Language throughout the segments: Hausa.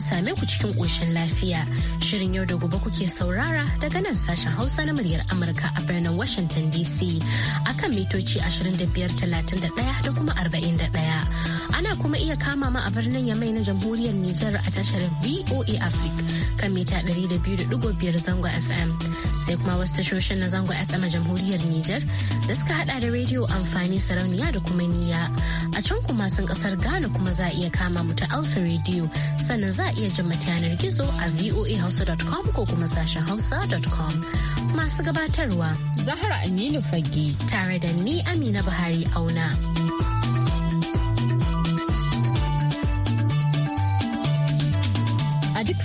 same ku cikin ƙoshin lafiya. Shirin yau da gobe kuke saurara daga nan sashen Hausa na muryar Amurka a birnin Washington DC akan mitoci 2531 da kuma 41. Ana kuma iya kama ma a birnin Yamai na Jamhuriyar Nijar a tashar VOA Africa kan mita 200.5 zango FM. sai kuma wasu tashoshin na zango FM a jamhuriyar Nijar da suka hada da rediyo amfani sarauniya da kuma niya. A can kuma sun kasar Ghana kuma za a iya kama mu ta hausa Radio sannan za a iya jin mata yanar gizo a voahausa.com ko kuma sashen hausa.com. Masu gabatarwa Zahra Aminu Fage tare da ni Amina Buhari Auna.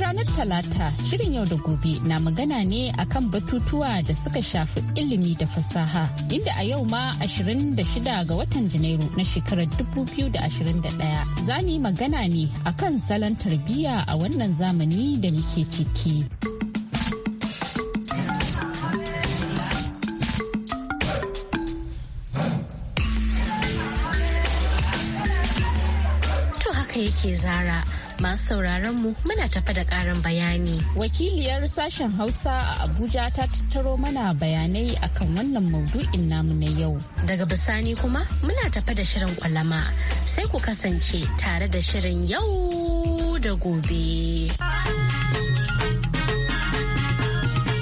ranar Talata shirin yau da gobe na magana ne akan batutuwa da suka shafi ilimi da fasaha inda a yau ma 26 ga watan Janairu na shekarar 2021 za mu yi magana ne akan salon tarbiyya a wannan zamani da muke ciki. To haka yake zara. masu sauraron mu muna tafa da karin bayani. Wakiliyar sashen Hausa a Abuja ta tattaro mana bayanai akan wannan maudu'in namu na yau. Daga bisani kuma muna tafa da shirin kwalama sai ku kasance tare da shirin yau da gobe.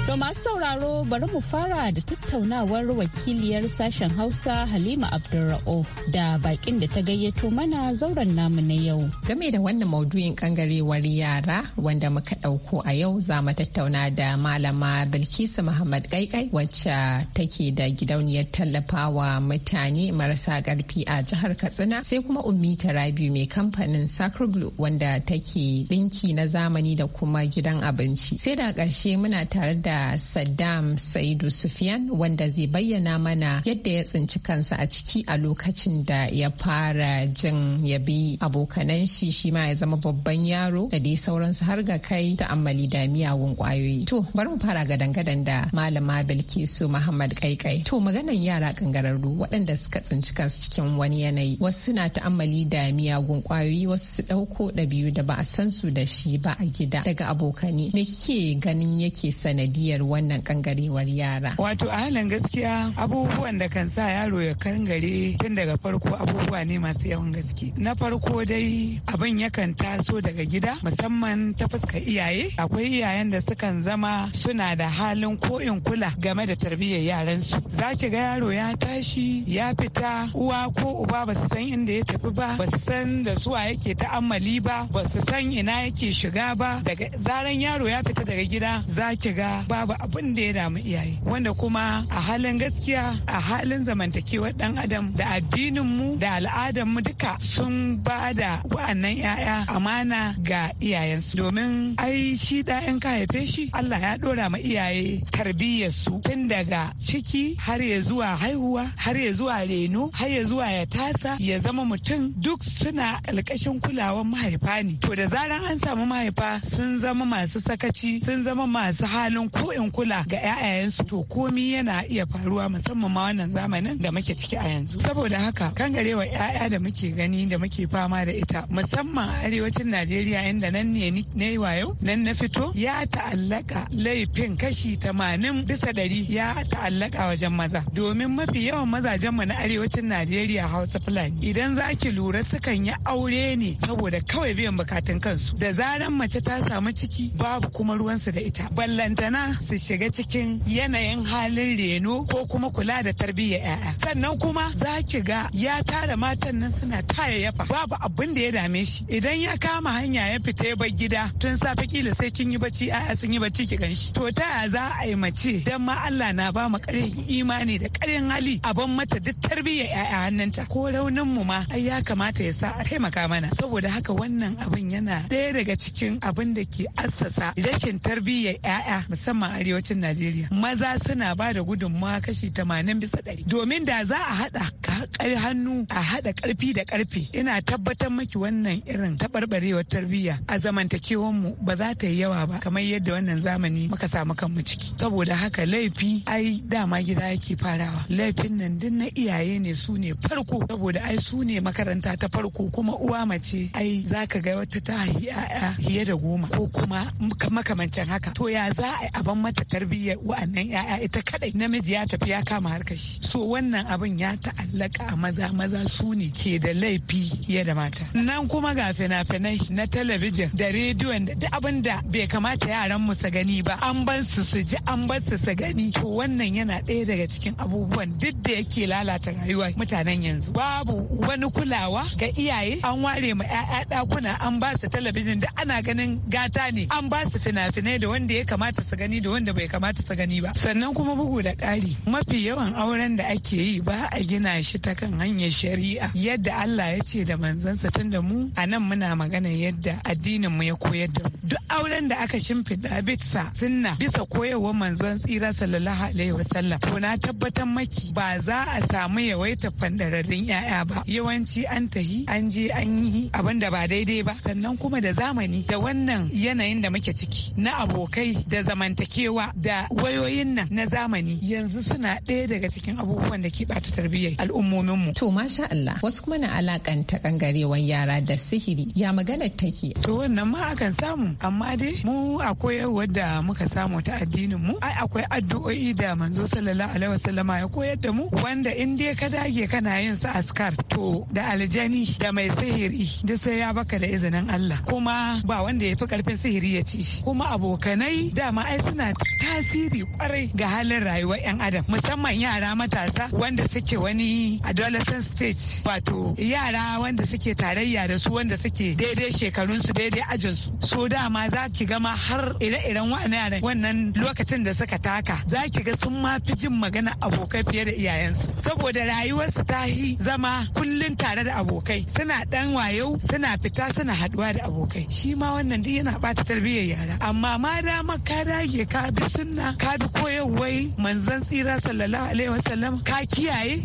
To masu sauraro bari mu fara da tattaunawar wakiliyar sashen Hausa Halima abdulra'o da bakin da ta gayyato mana zauren namu na yau. Game da wannan maudu'in kangarewar yara wanda muka ɗauko a yau za mu tattauna da malama Bilkisu Muhammad Kaikai wacce take da gidauniyar tallafawa mutane marasa ƙarfi a jihar Katsina sai kuma Ummi tarabi mai kamfanin Sacroglu wanda take ɗinki na zamani da kuma gidan abinci. Sai da ƙarshe muna tare da Saddam Saidu Sufyan wanda zai bayyana mana yadda ya tsinci kansa a ciki a lokacin da ya fara jin ya bi abokanan shi shi ma ya zama babban yaro da dai sauransu har ga kai ta'ammali da miyagun kwayoyi. To bari mu fara gadan-gadan da malama Bilkisu Muhammad Kaikai. To maganan yara kangararru waɗanda suka tsinci kansu cikin wani yanayi wasu na ta'ammali da miyagun kwayoyi wasu su ɗauko ɗabi'u da ba a san su da shi ba a gida daga abokani. Me kike ganin yake sanadiyar wannan kangarewar yara? Wato a malam gaskiya abubuwan da kan sa yaro ya kangare tun daga farko abubuwa ne masu yawan gaske na farko dai abin yakan taso daga gida musamman ta fuska iyaye akwai iyayen da sukan zama suna da halin koyin kula game da tarbiyyar yaran su za ki ga yaro ya tashi ya fita uwa ko uba ba su san inda ya tafi ba ba su san da suwa yake ta'ammali ba ba su san ina yake shiga ba daga zaran yaro ya fita daga gida za ki ga babu abin da ya damu iyaye wanda kuma a halin gaskiya a halin zamantakewar dan adam da addinin mu da al'adar mu duka sun ba da wa'annan 'ya'ya amana ga iyayensu domin ai shi da in ka haife shi Allah ya dora ma iyaye tarbiyyar su tun daga ciki har ya zuwa haihuwa har ya zuwa reno har ya zuwa ya tasa ya zama mutum duk suna alkashin kulawan mahaifa ne to da zaran an samu mahaifa sun zama masu sakaci sun zama masu halin ko in kula ga 'ya'yayensu to komi yana yana iya faruwa musamman ma wannan zamanin da muke ciki a yanzu saboda haka kangarewa 'ya'ya da muke gani da muke fama da ita musamman arewacin najeriya inda nan ne ne wayo nan na fito ya ta'allaka laifin kashi tamanin bisa ɗari ya ta'allaka wajen maza domin mafi yawan mazajenmu na arewacin najeriya hausa fulani idan za ki lura sukan yi aure ne saboda kawai biyan bukatun kansu da zaran mace ta samu ciki babu kuma ruwansu da ita ballantana su shiga cikin yanayin halin reno ko kuma kula da tarbiyyar 'ya'ya sannan kuma za ki ga ya tara matan nan suna taya yafa babu abin da ya dame shi idan ya kama hanya ya fita ya bar gida tun safe kila sai kin yi bacci 'ya'ya sun yi bacci ki ganshi to ta za a yi mace dan ma Allah na ba mu ƙarin imani da ƙarin hali a ban mata duk tarbiyyar 'ya'ya hannunta ko raunin mu ma ai ya kamata ya sa a taimaka mana saboda haka wannan abin yana ɗaya daga cikin abin da ke assasa rashin tarbiyyar 'ya'ya musamman arewacin Najeriya maza suna ba da gudunmawa kashi tamanin bisa ɗari domin da za a haɗa ka hannu a haɗa karfi da karfe ina tabbatar maki wannan irin taɓarɓarewar tarbiyya a zamantakewar mu ba za ta yi yawa ba kamar yadda wannan zamani muka samu kanmu ciki saboda haka laifi ai dama gida yake farawa laifin nan duk na iyaye ne su ne farko saboda ai su ne makaranta ta farko kuma uwa mace ai za ka ga wata ta ya'ya fiye da goma ko kuma makamancin haka to ya za a ban mata tarbiyyar wa'annan ya'ya ita kadai namiji ya tafi ya kama harkar shi so wannan abin ya ta'allaka a maza maza su ne ke da laifi ya da mata nan kuma ga fina-finai na talabijin da rediyon da duk abin da bai kamata yaran mu su gani ba an ban su su ji an ban su su gani to wannan yana ɗaya daga cikin abubuwan duk da yake lalata rayuwa mutanen yanzu babu wani kulawa ga iyaye an ware ma 'ya'ya ɗakuna an ba su talabijin da ana ganin gata ne an ba su fina-finai da wanda ya kamata su gani da wanda bai kamata su gani ba sannan kuma bugu da ƙari mafi yawan auren da ake yi ba a gina shi ta kan hanyar shari'a yadda Allah ya ce da manzansa tun da mu a nan muna magana yadda addinin mu ya koyar da mu duk auren da aka shimfiɗa bisa sunna bisa koyarwar manzon tsira sallallahu alaihi wasallam to na tabbatar maki ba za a samu yawaita fandararrun yaya ba yawanci an tahi an je an yi abin da ba daidai ba sannan kuma da zamani da wannan yanayin da muke ciki na abokai da zamantakewa da wayoyin nan na zamani yanzu suna ɗaya daga cikin abubuwan da ke ɓata tarbiyyar al'ummominmu. To masha Allah wasu kuma na alakanta kangarewar yara da sihiri ya magana take. To wannan ma akan samu amma dai mu a koyarwar da muka samu ta addinin mu ai akwai addu'o'i da manzo sallallahu alaihi wasallam ya koyar da mu wanda in dai ka dage kana yin sa askar to da aljani da mai sihiri duk sai ya baka da izinin Allah kuma ba wanda ya fi karfin sihiri ya ci shi kuma abokanai dama ai suna tasiri kwarai ga halin rayuwar 'yan adam musamman yara matasa wanda suke wani adolescent stage wato yara wanda suke tarayya da su wanda suke daidai shekarun su daidai ajin su so dama za ki gama har ire-iren wani yaran wannan lokacin da suka taka za ki ga sun ma fi jin magana abokai fiye da iyayensu saboda rayuwarsu ta yi zama kullum tare da abokai suna dan wayau suna fita suna haduwa da abokai shi ma wannan duk yana bata tarbiyyar yara amma ma dama ka dage ka bi sunna ka bi koyarwai manzan tsira sallallahu alaihi wasallam ka kiyaye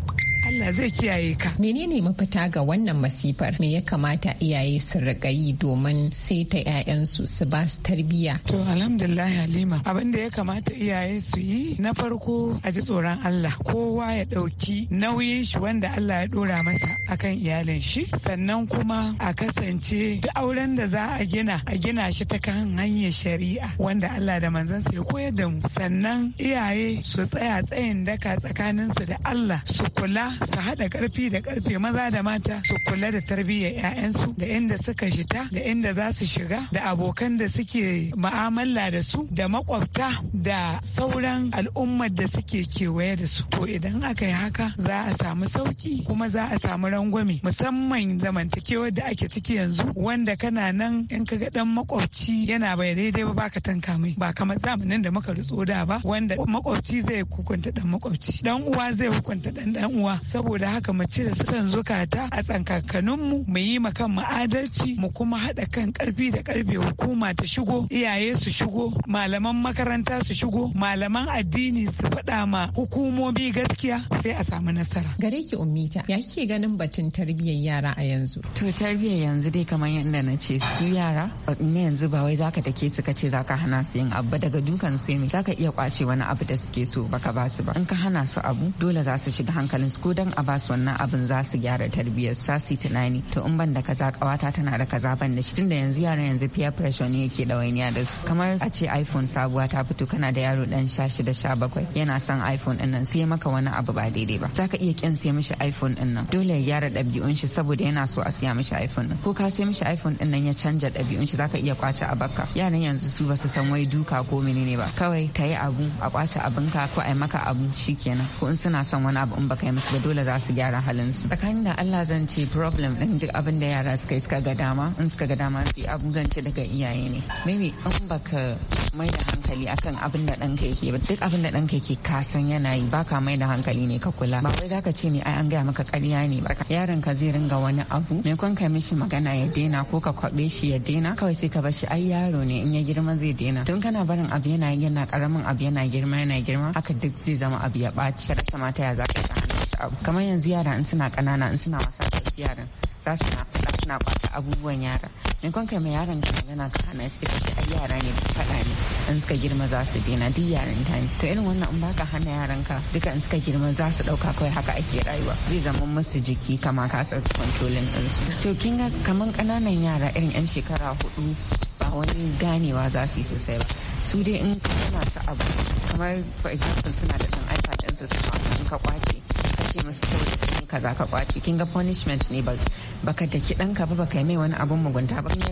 Allah zai kiyaye ka. Menene mafita ga wannan masifar? Me ya kamata iyaye su riƙa yi domin ta 'ya'yansu su ba su tarbiyya? To alhamdulillah Halima abin da ya kamata iyaye su yi na farko a ji tsoron Allah kowa ya ɗauki nauyin shi wanda Allah ya ɗora masa akan iyalin shi sannan kuma a kasance duk auren da za a gina a gina shi ta kan hanyar shari'a wanda Allah da manzon ya koyar da mu sannan iyaye su tsaya tsayin daka tsakaninsu da Allah su kula su haɗa ƙarfi da ƙarfe maza da mata su kula da tarbiyyar 'ya'yansu da inda suka shita da inda za su shiga da abokan da suke ma'amala da su da makwabta da sauran al'ummar da suke kewaye da su to idan aka yi haka za a samu sauki kuma za a samu rangwame musamman zamantakewar da ake ciki yanzu wanda kana nan in ka ga ɗan makwabci yana bai daidai ba baka tanka mai ba kamar zamanin da muka rutso da ba wanda makwabci zai hukunta ɗan makwabci Ɗan uwa zai hukunta ɗan ɗan uwa saboda haka mu cire sukan zukata a tsankakaninmu mu yi ma kan adalci mu kuma haɗa kan ƙarfi da ƙarfe hukuma ta shigo iyaye su shigo malaman makaranta su shigo malaman addini su faɗa ma hukumomi gaskiya sai a samu nasara. Gare ki ummita ya kike ganin batun tarbiyyar yara a yanzu? To tarbiyyar yanzu dai kamar yadda na ce su yara ne yanzu ba wai zaka dake su ka ce zaka hana su yin abu daga dukan sai me zaka iya kwace wani abu da suke so baka ba su ba. In ka hana su abu dole za su shiga hankalin su ko don a basu wannan abin za su gyara tarbiyyar sa su tunani to in ban da kaza kawata tana da kaza ban da shi tunda yanzu yaran yanzu peer pressure ne yake dawainiya da su kamar a ce iphone sabuwa ta fito kana da yaro dan sha shida sha bakwai yana son iphone din nan sai maka wani abu ba daidai ba zaka iya kyan sai mishi iphone din nan dole ya gyara ɗabi'un shi saboda yana so a siya mishi iphone din ko ka sai mishi iphone din nan ya canja ɗabi'un shi za ka iya kwace a baka yaran yanzu su ba su san wai duka ko menene ba kawai ka yi abu a kwace abinka ko a yi maka abu shikenan ko in suna son wani abu in baka yi musu dole za su gyara halin su tsakanin da Allah zan ce problem din duk abin da yara suka yi suka ga dama in suka ga dama su abin zan ce daga iyaye ne maybe in baka mai da hankali akan abin da ɗanka yake ba duk abin da ɗanka yake ka san yana yi baka mai da hankali ne ka kula ba wai zaka ce ne ai an gaya maka ƙarya ne ba yaron ka zai ringa wani abu mai kwan ka mishi magana ya daina ko ka kwaɓe shi ya daina kawai sai ka bashi ai yaro ne in ya girma zai daina don kana barin abu yana yana karamin abu yana girma yana girma haka duk zai zama abu ya ɓaci ka rasa mata ya zaka abu kamar yanzu yara in suna kanana in suna wasa da su yaran za su na fada suna kwata abubuwan yara mai kwan kai mai yaran ka magana ka hana shi ka ce ai yara ne ba faɗa ne in suka girma za su daina duk yaran ta ne to irin wannan in baka hana yaran ka duka in suka girma za su ɗauka kawai haka ake rayuwa zai zama musu jiki kama ka sauki kwantolin ɗinsu to kin ga kamar kananan yara irin 'yan shekara hudu ba wani ganewa za su yi sosai ba su dai in kana su abu kamar for example suna da ɗan ipad ɗinsu su ka kwace ce masu saboda sun yi kaza ka kwace kin ga punishment ne baka daki ɗanka ba baka yi mai wani abun mugunta ba ya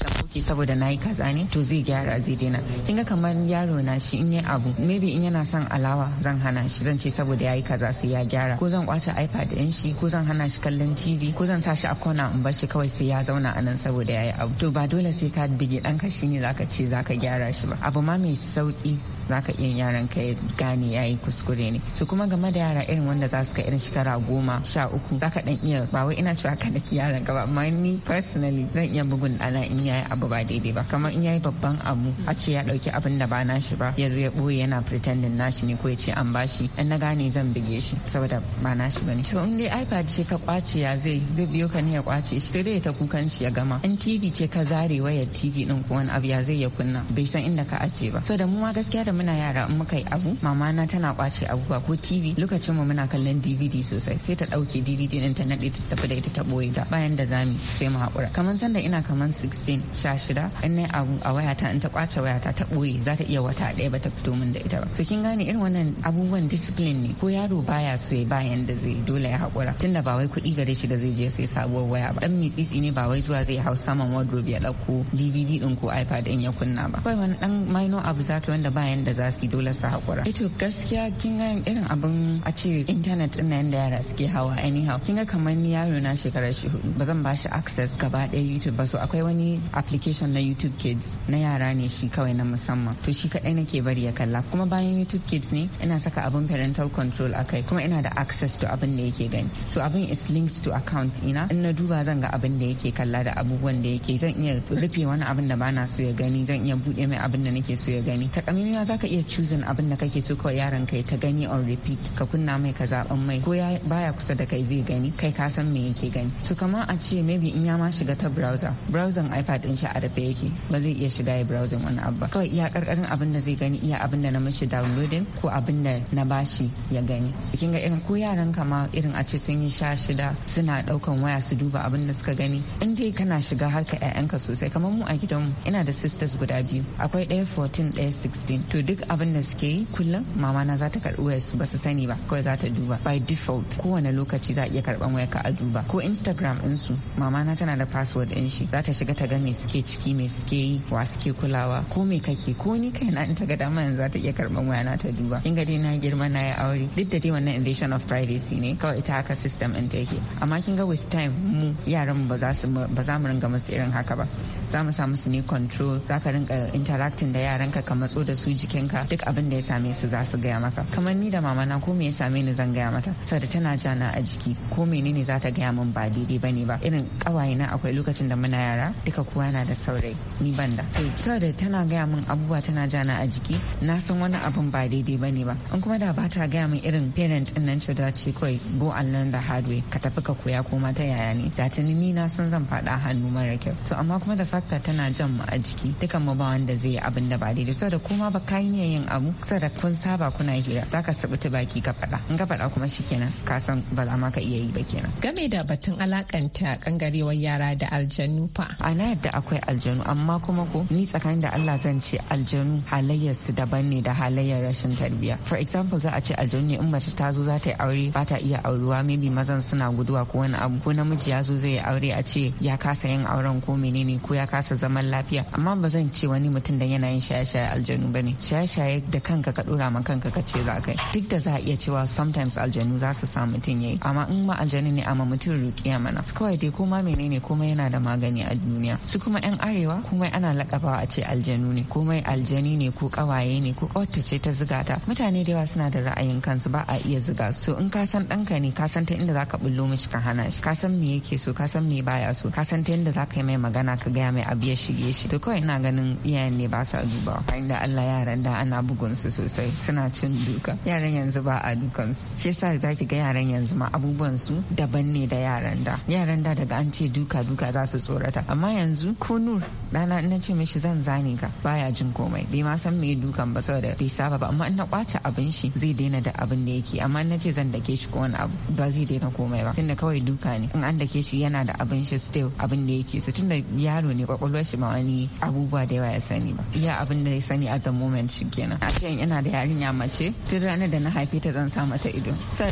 ka ki saboda nayi kaza ne to zai gyara zai daina kin ga kamar yaro na shi in yi abu maybe in yana son alawa zan hana shi zan ce saboda yayi kaza sai ya gyara ko zan kwace ipad din shi ko zan hana shi kallon tv ko zan sa shi a kona in bar shi kawai sai ya zauna a nan saboda yayi abu to ba dole sai ka bige danka shine zaka ce zaka gyara shi ba abu ma mai sauki za ka iya yaran ka ya gane ya yi kuskure ne su kuma game da yara irin wanda za su ka irin shekara goma sha uku za ka dan iya ba wai ina cewa ka ki yaran ka ba amma ni personally zan iya bugun ɗana in ya yi abu ba daidai ba kamar in ya yi babban abu a ce ya ɗauki abin da ba na shi ba ya zo ya boye yana pretending nashi ne ko ya ce an bashi in na gane zan bige shi saboda ba shi ba ne to in dai ipad ce ka kwace ya zai zai biyo ka ne ya kwace shi sai dai ta kukan shi ya gama in tv ce ka zare wayar tv din ko wani abu ya zai ya kunna bai san inda ka ajiye ba saboda mu ma gaskiya muna yara in muka yi abu mama na tana kwace abubuwa ko tv lokacin mu muna kallon dvd sosai sai ta dauke dvd din ta nade ta tafi da ita ta boye ta bayan da zami sai mu hakura kaman sanda ina kaman 16 shida in nayi abu a wayata in ta kwace wayata ta boye za ta iya wata daya ba ta fito min da ita ba to kin gane irin wannan abubuwan discipline ne ko yaro baya so ya bayan da zai dole ya hakura tunda ba wai kuɗi gare shi da zai je sai sabuwar waya ba dan mitsitsi ne ba wai zuwa zai hau saman wardrobe ya dauko dvd din ko ipad din ya kunna ba kai wani dan minor abu zaka wanda bayan da za su yi dole su haƙura. Ito eh gaskiya kin ga irin abin a ce intanet ɗin nan da yara suke hawa anyhow kin ga kamar ni yaro na shekara shi hudu ba zan ba shi access gaba ɗaya YouTube ba so akwai wani application na YouTube Kids na yara ne shi kawai na musamman to shi kaɗai nake bari ya kalla kuma bayan YouTube Kids ne ina saka abin parental control akai kuma ina da access to abin da yake gani so abin is linked to account ina in na duba zan ga abin da yake kalla da abubuwan da yake zan iya rufe wani abin da bana so ya gani zan iya buɗe mai abin da nake so ya gani takamimina za ka iya cuzin abin da kake so kawai yaron kai ta gani on repeat ka kunna mai ka zaben mai ko ya baya kusa da kai zai gani kai ka san me yake gani to kamar a ce maybe in ya ma shiga ta browser browser ipad din shi a rufe yake ba zai iya shiga ya browser wani abu ba kawai iya karkarin abin da zai gani iya abin da na mishi downloading ko abin da na bashi ya gani kin ga irin ko yaran ma irin a ce sun yi sha shida suna daukan waya su duba abin da suka gani in dai kana shiga harka 'ya'yanka sosai kamar mu a gidanmu ina da sisters guda biyu akwai ɗaya 14 ɗaya 16 to duk abin da suke yi kullum mama na za ta karbi wayar su ba su sani ba kawai za ta duba by default kowane lokaci za a iya karban wayar ka a duba ko instagram din su mama na tana da password din shi za ta shiga ta ga me suke ciki me suke yi wa suke kulawa ko me kake ko ni kai na in ta ga dama yanzu za ta iya karban waya na ta duba kin ga dai na girma na ya aure duk da dai wannan invasion of privacy ne kawai ita haka system ta yake amma kin ga with time mu yaran mu za ba za mu ringa musu irin haka ba za mu samu su ne control za ka rinka interacting da yaranka ka matso da su jiki ka duk abin da ya same su za su gaya maka kamar ni da mama na ko me ya same ni zan gaya mata saboda tana jana a jiki ko menene za ta gaya min ba daidai bane ba irin kawaye na akwai lokacin da muna yara duka kowa na da saurayi ni banda to saboda tana gaya min abubuwa tana jana a jiki na san wani abin ba daidai bane ba in kuma da ba ta gaya min irin parent din nan cewa ce kai go and learn the hard ka tafi ka koya ko ma ta yaya ne da tuni ni na san zan fada hannu mara kyau to amma kuma da fakta tana jan mu a jiki duka mu ba wanda zai yi abin da ba daidai saboda kuma ba kai hanyar yin abu da kun saba kuna hira Za zaka sabuta baki ka faɗa in ka faɗa kuma shikenan ka san ba za ma ka iya yi ba kenan game da batun alakanta kangarewar yara da aljanu fa A na yadda akwai aljanu amma kuma ko ni tsakanin da Allah zan ce aljanu halayyar su daban ne da halayyar rashin tarbiyya for example za a ce aljanu ne in mace ta zo za ta yi aure ba ta iya aurewa maybe mazan suna guduwa ko wani abu ko namiji ya zo zai yi aure a ce ya kasa yin auren ko menene ko ya kasa zaman lafiya amma ba zan ce wani mutum da yana yin shaye-shaye aljanu ba ne shaye-shaye da kanka ka dora ma kanka ka ce za kai duk da za a iya cewa sometimes aljanu za su sa mutum yayi amma in ma aljanu ne amma mutum rukiya mana su kawai dai koma ne komai yana da magani a duniya su kuma yan arewa komai ana lakabawa a ce aljanu ne komai aljani ne ko kawaye ne ko kawata ce ta ziga ta mutane da yawa suna da ra'ayin kansu ba a iya ziga su in ka san ɗanka ne ka san ta inda zaka bullo mishi ka hana shi ka san me yake so ka san me baya so ka san ta inda zaka yi mai magana ka gaya mai abu ya shige shi to kawai ina ganin iyayen ne ba sa dubawa da Allah yara yaran da ana bugun su sosai suna cin duka yaran yanzu ba a dukan su shi yasa zaki ga yaran yanzu ma abubuwan su daban ne da yaran da yaran da daga an ce duka duka za su tsorata amma yanzu ko nur dana na ce mishi zan zane ka baya jin komai bai ma san me dukan ba saboda bai saba ba amma in na kwace abin shi zai daina da abin da yake amma na ce zan dake shi ko wani abu ba zai daina komai ba tunda kawai duka ne in an dake shi yana da abin shi still abin da yake so tunda yaro ne kwakwalwar shi ma wani abubuwa da yawa ya sani ba iya abin da ya sani at the moment yaranci kenan a ce ina da yarinya mace tun ranar da na haife ta zan sa mata ido sai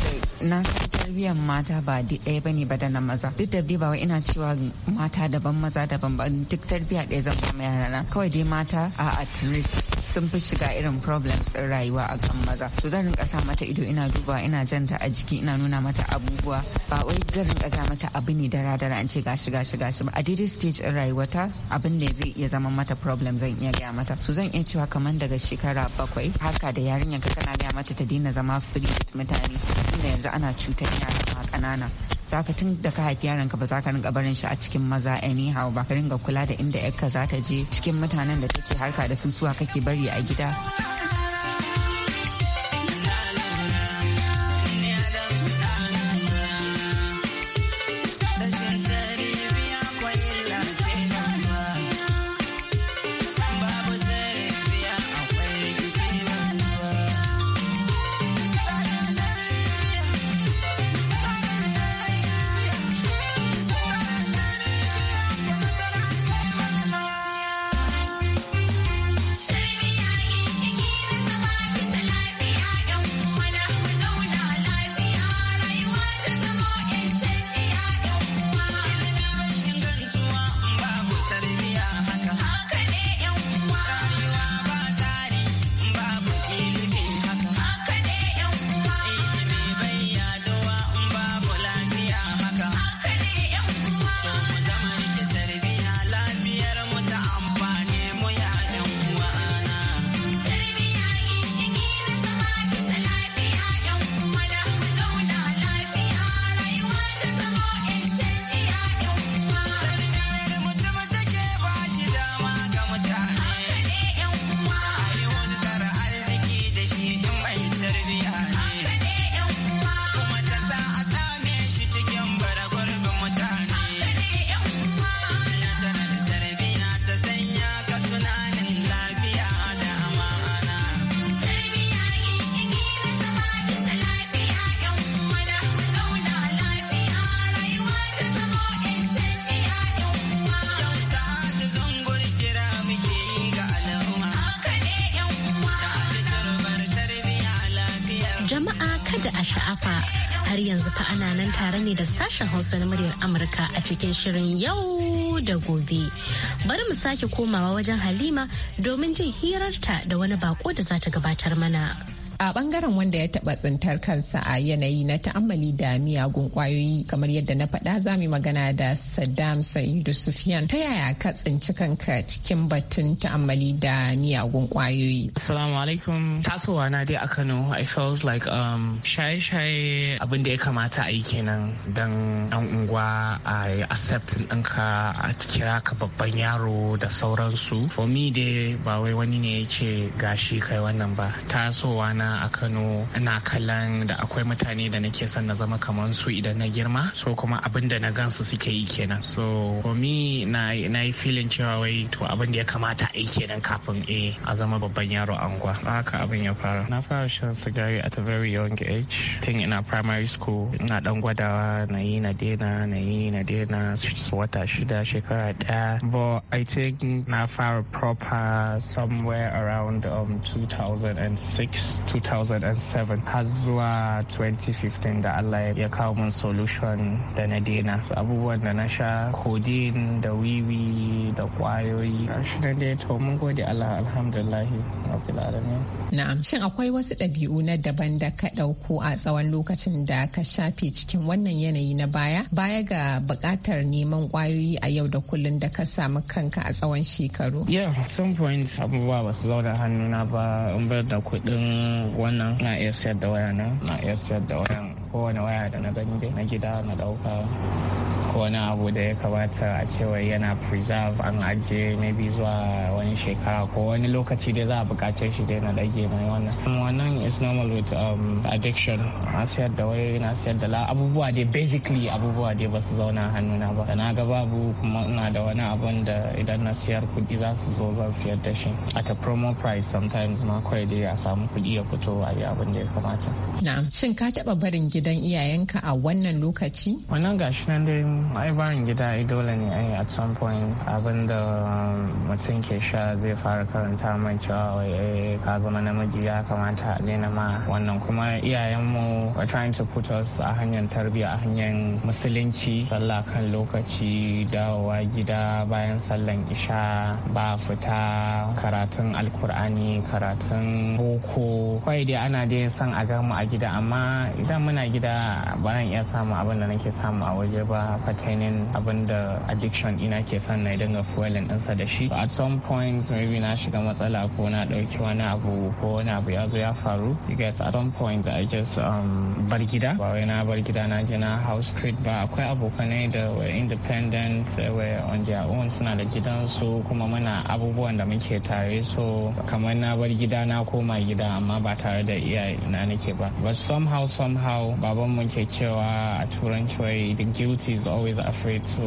na san tarbiyyar mata ba da ɗaya bane ba da na maza duk da dai ba wai ina cewa mata daban maza daban ba duk tarbiyya ɗaya zan ba ma yarana kawai dai mata a at risk sun fi shiga irin problems ɗin rayuwa a kan maza to zan rinka sa mata ido ina dubawa ina janta a jiki ina nuna mata abubuwa ba wai zan rinka ga mata abu ne dara dara an ce gashi gashi gashi ba a daidai stage ɗin rayuwata abin da zai iya zama mata problem zan iya gaya mata so zan iya cewa kamar daga shekara bakwai haka da yarinyar ka kana gaya mata ta dina zama da mutane tunda yanzu ana cutar yara ma kanana zaka tun da ka haifi yaron ka ba za ka rinka barin shi a cikin maza anyhow ba ka ringa kula da inda yarka za ta je cikin mutanen da take harka da su suwa kake bari a gida. har yanzu fa ana nan tare ne da sashen hausa na muryar amurka a cikin shirin yau da gobe bari mu sake komawa wajen halima domin jin hirarta da wani bako da za ta gabatar mana. a bangaren wanda ya taba tsintar kansa a yanayi na ta'ammali da miyagun kwayoyi kamar yadda na faɗa za mu magana da saddam sa'idu sufiyan ta yaya ka tsinci kanka cikin batun ta'ammali da miyagun kwayoyi assalamu alaikum tasowa na dai a kano i felt like um, shaye-shaye abin da ya kamata a yi kenan don dan unguwa a accept ɗinka a kira ka babban yaro da sauransu for me dai ba wai wani ne yake gashi kai wannan ba tasowa na Na a Kano ina kallon da akwai mutane da nake son na zama kamar su idan na girma so kuma abin da na gansu suke yi kenan so for me na yi filin cewa wai to abin da ya kamata a yi kenan kafin a eh, a zama babban yaro anguwa haka abin ya fara na fara shan sigari at a very young age tun ina primary school ina dan gwadawa na yi na daina na yi na daina wata shida shekara daya but i think na fara proper somewhere around um, 2006 2007 har zuwa 2015 da allah ya kawo mun solution da na dena su abubuwan da na sha codeine da wiwi da kwayoyi a shi na dai to mun gode allah alhamdulahi na'am shin akwai wasu ɗabi'u na daban da ka ɗauko a tsawon lokacin da ka shafe cikin wannan yanayi na baya baya ga buƙatar neman kwayoyi a yau da kullun da ka samu kanka a tsawon shekaru yeah sun some point abubuwa ba su zauna hannuna ba in bar da kuɗin wannan na iya siyar da waya na na iya sayar da wayan kowane waya da na gani na gida na dauka wani abu da ya kamata a cewa yana preserve an ajiye maybe zuwa wani shekara ko wani lokaci dai za a shi dai na dage mai wannan wannan is normal with um, addiction a sayar da wayoyi na sayar da abubuwa dai basically abubuwa dai ba su zauna hannuna ba na ga babu kuma ina da wani abun da idan na siyar kuɗi za su zo zan siyar da shi at a promo price sometimes ma kawai dai a samu kuɗi ya fito a yi abin da ya kamata na'am shin ka taɓa barin gidan iyayenka a wannan lokaci wannan gashi nan dai Ma'aibaran gida dole ne ai at some point abin da um, mutum ke sha zai fara karanta man cewa wai eh, ka zama namiji ya kamata a daina ma wannan kuma iyayenmu are trying to put us a hanyar tarbiyya a hanyar musulunci sallah kan lokaci dawowa gida bayan sallan isha ba fita karatun alkur'ani karatun boko kawai dai ana dai son a gamu a gida amma idan muna gida ba iya samu abin da nake samu a waje ba ascertaining abin da addiction ina ke son na dinga fuelin ɗinsa da shi at some point maybe na shiga matsala ko na ɗauki wani abu ko wani abu ya zo ya faru get. at some point I just um, bar gida ba wai na bar gida na je na house street ba akwai abokanai da were independent eh, were on their own suna da gidansu kuma muna abubuwan da muke tare so kamar na bar gida na koma gida amma ba tare da iyaye na nake ba but somehow somehow baban mu ke cewa a turanci wai the guilt is all always afraid so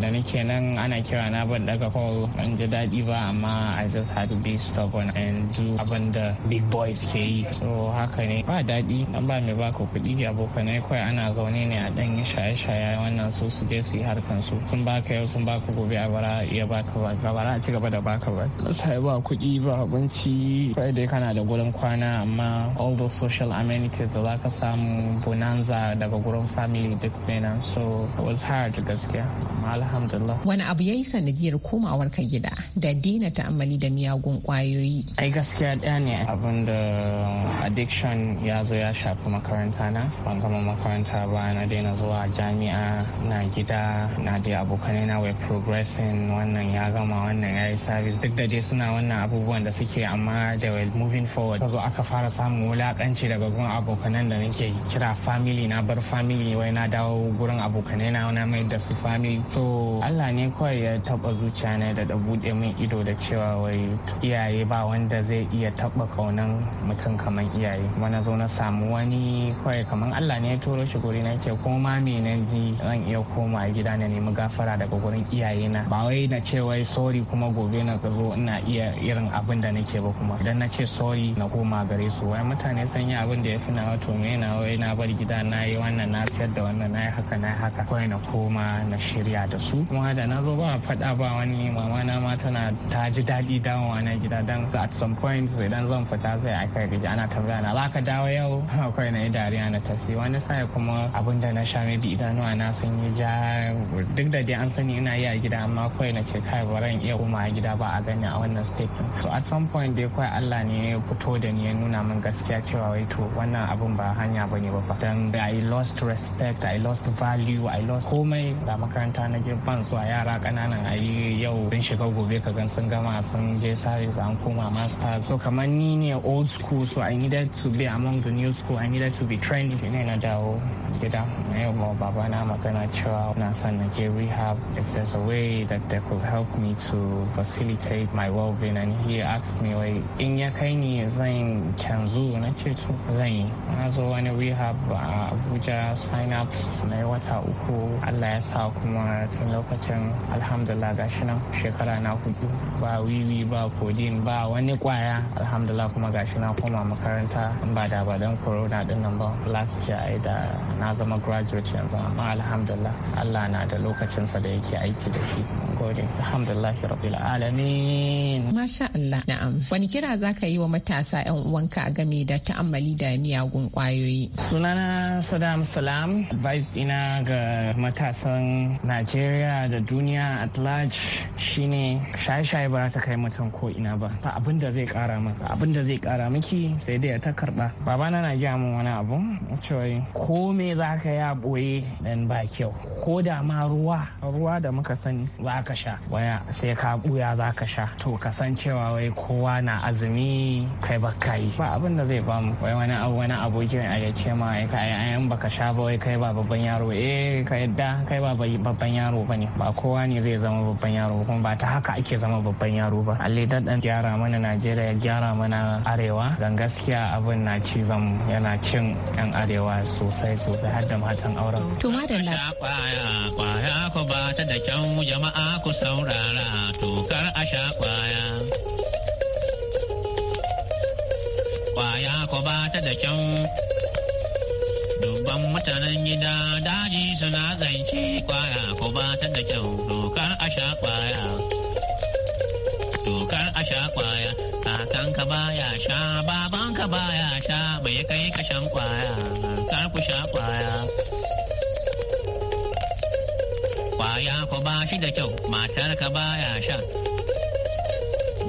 da nake nan ana kira na ban daga call an ji daɗi ba amma I just had to be stubborn and do abin da big boys ke yi so haka ne ba daɗi nan ba mai baka kuɗi abokanai kawai ana zaune ne a ɗan yi shaye-shaye wannan so su je su yi harkan su sun baka yau sun baka gobe a bara iya baka ba bara a ci gaba da baka ba sai ba kuɗi ba abinci kawai dai kana da gurin kwana amma all those social amenities da zaka samu bonanza daga gurin family duk kenan so it was hard gaskiya amma alhamdulillah wani abu yayi sanadiyar komawar ka gida da dina ta'ammali da miyagun kwayoyi ai gaskiya ɗaya ne abin da um, addiction ya zo ya shafi makaranta na ban gama makaranta ba na daina zuwa jami'a na gida na dai abokanai na wai progressing wannan ya gama wannan ya yi service duk da dai suna wannan abubuwan da suke amma da wai moving forward ka zo aka fara samun wulakanci daga gun abokanan da nake kira family na bar family wai na dawo gurin abokanai na na mai da su fami to Allah ne kawai ya taba zuciya na da da bude min ido da cewa wai iyaye ba wanda zai iya taba kaunan mutum kamar iyaye kuma na zo na samu wani kawai kamar Allah ne ya turo shi guri na ke koma me na ji zan iya koma a gida na nemi gafara daga gurin iyaye na ba wai na ce wai sorry kuma gobe na ka zo ina iya irin abin da nake ba kuma idan na ce sorry na koma gare su wai mutane sun yi abin da ya fi na wato me na wai na bar gida na yi wannan na siyar da wannan na yi haka na yi haka kawai na koma na shirya da su kuma da na zo ba faɗa ba wani mama na ma tana ta ji daɗi dawowa na gida dan at some point idan zan fita sai aka rige ana tambaya na za ka dawo yau akwai na dariya na tafi wani sai kuma abin da na sha maybe idanuwa na sun yi ja duk da dai an sani ina yi a gida amma kawai na ce kai ba ran iya koma a gida ba a gani a wannan state so at some point dai kawai Allah ne ya fito da ni ya nuna min gaskiya cewa wai to wannan abin ba hanya bane ba fa dan I lost respect I lost value I lost komai da makaranta na girban a yara ƙananan a yi yau sun shiga gobe ka gan sun gama sun je service an koma master so kamar ni ne old school so I needed to be among the new school I needed to be trained shi ne na dawo gida na yau ma baba na magana cewa na son na je rehab if there's a way that they could help me to facilitate my well-being and he asked me wai in ya kai ni zan canzu na ce to zan yi na zo wani rehab a Abuja sign ups na wata uku allah ya sa kuma tun lokacin alhamdulillah shi nan shekara na hudu ba wiwi ba kodin ba wani kwaya alhamdulillah kuma gashi na koma makaranta ba da ba don corona din nan ba last year ai da na zama graduate yanzu amma alhamdulillah allah na da lokacinsa da yake aiki da shi gode alhamdulillah rabbil alamin masha allah na'am wani kira zaka yi wa matasa yan uwanka a game da ta'ammali da miyagun kwayoyi sunana sadam salam vice ina ga matasan najeriya da duniya at large shine shaye-shaye ba ta kai mutum ko ina ba ba abin da zai kara ma abin da zai kara miki sai dai ta karba babana na gaya min wani abu cewa ko me za ka ya boye dan ba kyau ko da ma ruwa ruwa da muka sani za ka sha waya sai ka buya za ka sha to ka cewa wai kowa na azumi kai ba yi ba abin da zai mu wai wani abu wani abokin a ya ma kai ayan baka sha ba wai kai ba babban yaro eh kai yadda kai ba babban yaro ba ne ba kowa ne zai zama babban yaro kuma ba ta haka ake zama babban yaro ba alle dan gyara mana najeriya gyara mana arewa dan gaskiya abin na ci zan yana cin yan arewa sosai sosai har da matan auren to madalla kwaya kwaya ku ba ta da kyan jama'a ku saurara tokar a sha kwaya kwaya ku ba ta da kyan Ban mutanen gida daji suna zance kwaya ko ba ta da kyau dokar a sha kwaya. Dokar a sha kwaya, kakanka ya sha, babanka ya sha, bai kai kashan kwaya, kar ku sha kwaya. Kwaya ko ba shi da kyau, matar ka ba ya sha.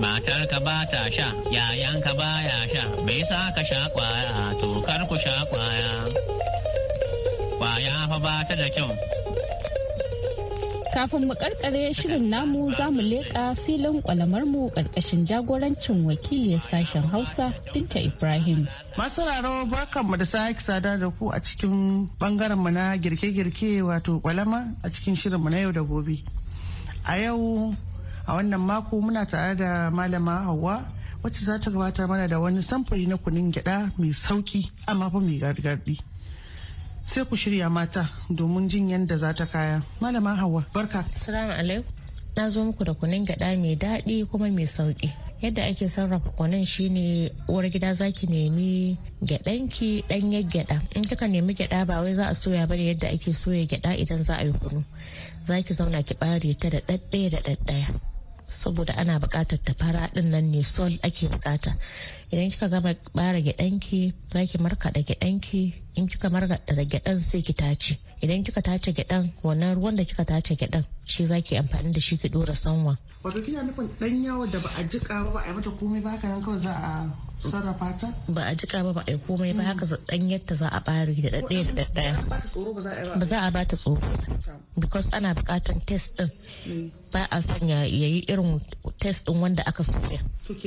matar ka ba ta sha yayan ka ba ya sha bai sa ka sha kwaya to kar ku sha kwaya kwaya fa ba ta da kyau. Kafin mu karkare shirin namu za mu leƙa filin mu ƙarƙashin jagorancin wakiliyar sashen Hausa Binta Ibrahim. Masu raro mu da sake sada da ku a cikin bangaren mu na girke-girke wato kwalama a cikin shirinmu na yau da gobe. A yau a wannan mako muna tare da malama Hauwa wacce za ta gabatar mana da wani samfuri na kunun gyada mai sauki amma fa mai gargaɗi. sai ku shirya mata domin jin yadda za ta kaya. Malama Hauwa, barka. Salamu alaikum. Na zo muku da kunin gyaɗa mai daɗi kuma mai sauƙi. Yadda ake sarrafa kunin shine uwar gida za ki nemi gyaɗanki ɗanyen gyaɗa. In kika nemi gyaɗa ba wai za a soya ba ne yadda ake soya gyaɗa idan za a yi kunu. Za ki zauna ki ɓare ta da ɗaɗɗaya da ɗaɗɗaya. saboda ana buƙatar ta fara ɗin nan ne sol ake buƙata idan kika gama bara gyaɗanki za ki markaɗa gyaɗanki. in kika marga da gyaɗan sai ki tace idan kika tace gyaɗan wannan ruwan da kika tace gyaɗan shi za ki amfani da shi ki dora sanwa. wato kina nufin yawon da ba a jiƙa ba ba a mata komai ba haka nan kawai za a sarrafa ta. ba a jiƙa ba ba a yi komai ba haka ɗan yadda za a ɓare da ɗaɗɗaya da ɗaɗɗaya. ba za a ba ta tsoro because ana buƙatar test ɗin mm. ba a sanya ya yi irin test ɗin wanda aka soya.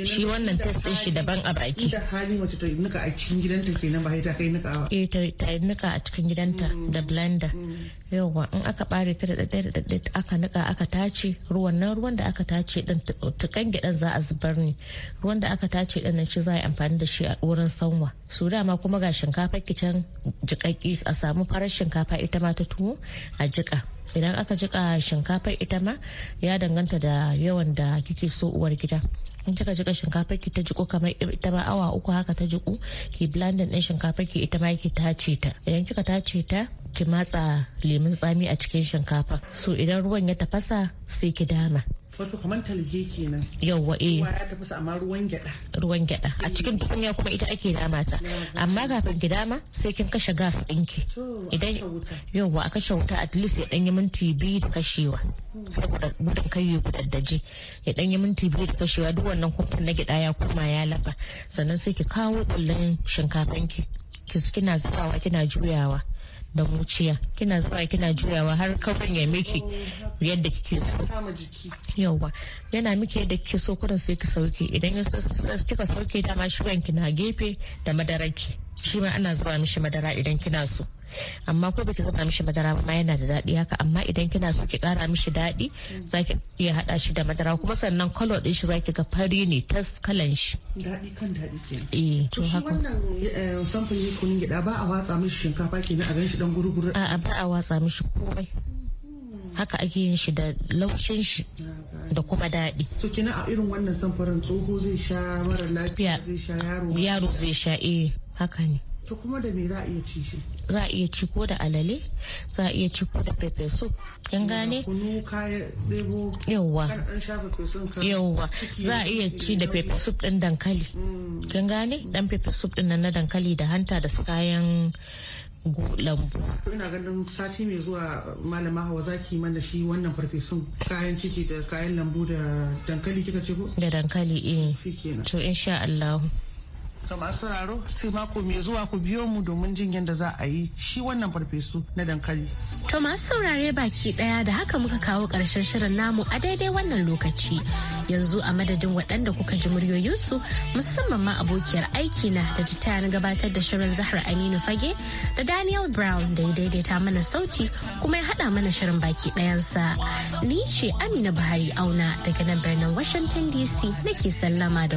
shi wannan test ɗin shi daban a baki. da hali wacce ta nika a cikin gidanta kenan ba ta kai ba? Eh, ta nika a cikin gidanta mm. da blender mm. yawwa in aka bare ta da daɗe da daɗe aka nika aka tace ruwan nan ruwan da aka tace din tukan gidan za a zubar ne ruwan da aka tace din nan shi za a yi amfani da shi a wurin sanwa su dama kuma ga shinkafa kicin jikakki a samu farar shinkafa ita ma ta tuwo a jika idan aka jika shinkafar ita ma ya danganta da yawan da kike so uwar gida in kika jika shinkafar ki ta jiko kamar ita ma awa uku haka ta jiko ki blandin din shinkafar ki ita ma ki tace ta idan kika tace ta ki matsa lemun tsami a cikin shinkafa so idan ruwan ya tafasa sai ki dama wato kamar talge kenan yawwa eh ruwa ya tafi amma ruwan gyada ruwan gyada a cikin tukunya kuma ita ake dama ta amma kafin ki dama sai kin kashe gas ɗinki idan yawwa a kashe wuta at least ya dan yi minti biyu da kashewa hmm. saboda gudun kai ya gudaddaje ya dan yi minti biyu da kashewa duk wannan kumfan na gyada ya koma ya lafa sannan sai ki kawo kullun shinkafanki kina zubawa kina juyawa da muciya kina zuwa kina juyawa har kafin ya miki yadda kike so yauwa yana miki yadda kike so kudin sai ki sauke idan ya kika sauke dama shugan ki na gefe da madaraki shi ma ana zuba mishi madara idan kina so amma ko baki zuba mishi madara ba yana da daɗi haka amma idan kina so ki kara mishi daɗi za ki iya haɗa shi da madara kuma sannan kalo ɗin shi ki ga fari ne ta kalan shi daɗi kan daɗi ke eh to shi wannan eh, samfin ne kunun gida ba a watsa mishi shinkafa kenan a ganshi dan guruguru a'a ba a watsa mishi komai haka ake yin shi da laushin shi da kuma daɗi. So kina a irin wannan samfurin tsoho zai sha mara lafiya zai sha yaro. Yaro zai sha eh. haka ne to kuma da me za a iya ci shi za a iya ci ko da alale za a iya ci ko da pepper soup kin gane kunu kayan debo yawa yawa za a iya ci da pepper soup din dankali mm. kin gane dan pepper soup din nan na dankali da hanta da su kayan lambu. ina ganin sati mai zuwa malama hawa ki mana shi wannan farfesun kayan ciki da kayan lambu da dankali kika ce ko? Da dankali eh. To insha Allah. ga masu sauraro sai mako mai zuwa ku biyo mu domin jin yadda za a yi shi wannan farfesu na dankali. To masu saurare baki daya da haka muka kawo karshen shirin namu a daidai wannan lokaci. Yanzu a madadin waɗanda kuka ji muryoyinsu musamman ma abokiyar aiki na da ta na gabatar da shirin Zahra Aminu Fage da Daniel Brown da ya daidaita mana sauti kuma ya haɗa mana shirin baki ɗayansa. Ni ce Amina Buhari Auna daga nan birnin Washington DC nake sallama da ku.